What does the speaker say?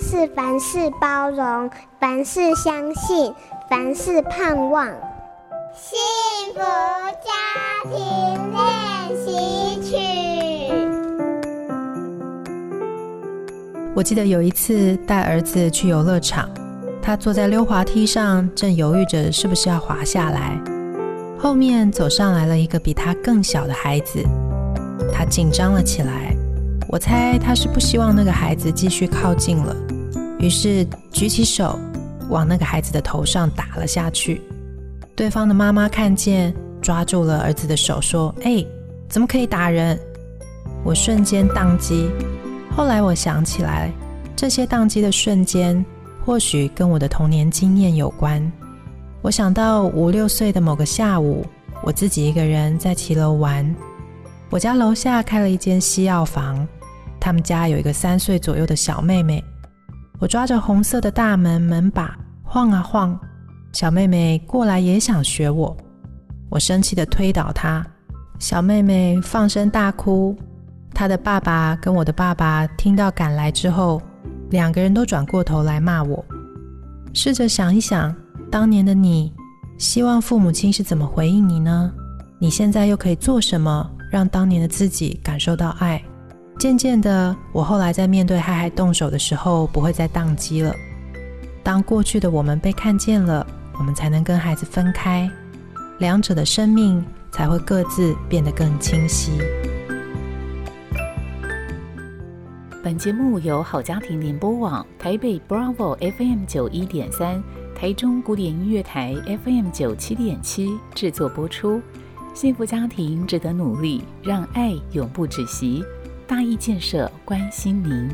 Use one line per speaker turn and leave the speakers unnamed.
是凡事包容，凡事相信，凡事盼望。幸福家庭練習曲。
我記得有一次帶兒子去遊樂場，他坐在溜滑梯上，正猶豫着是不是要滑下來。後面走上來了一個比他更小的孩子，他緊張了起來。我猜他是不希望那個孩子繼續靠近了，於是舉起手往那個孩子的頭上打了下去。對方的媽媽看見，抓住了兒子的手，說：“哎，怎麼可以打人？”我瞬間宕機。後來我想起來，這些宕機的瞬間，或許跟我的童年經驗有關。我想到五六歲的某個下午，我自己一個人在騎樓玩，我家樓下開了一間西藥房。他們家有一個三歲左右的小妹妹，我抓着紅色的大門門把晃啊晃，小妹妹過來也想學我，我生氣的推倒她，小妹妹放聲大哭，她的爸爸跟我的爸爸聽到趕來之後，兩個人都轉過頭來罵我。試着想一想，當年的你，希望父母親是怎麼回應你呢？你現在又可以做什麼，讓當年的自己感受到愛？漸漸的，我後來在面對嗨嗨動手的時候，不會再當機了。當過去的我們被看見了，我們才能跟孩子分開，兩者的生命才會各自變得更清晰。
本節目由好家庭聯播網、台北 Bravo FM 九一點三、台中古典音樂台 FM 九七點七製作播出。幸福家庭值得努力，讓愛永不止息。大邑建設關心您。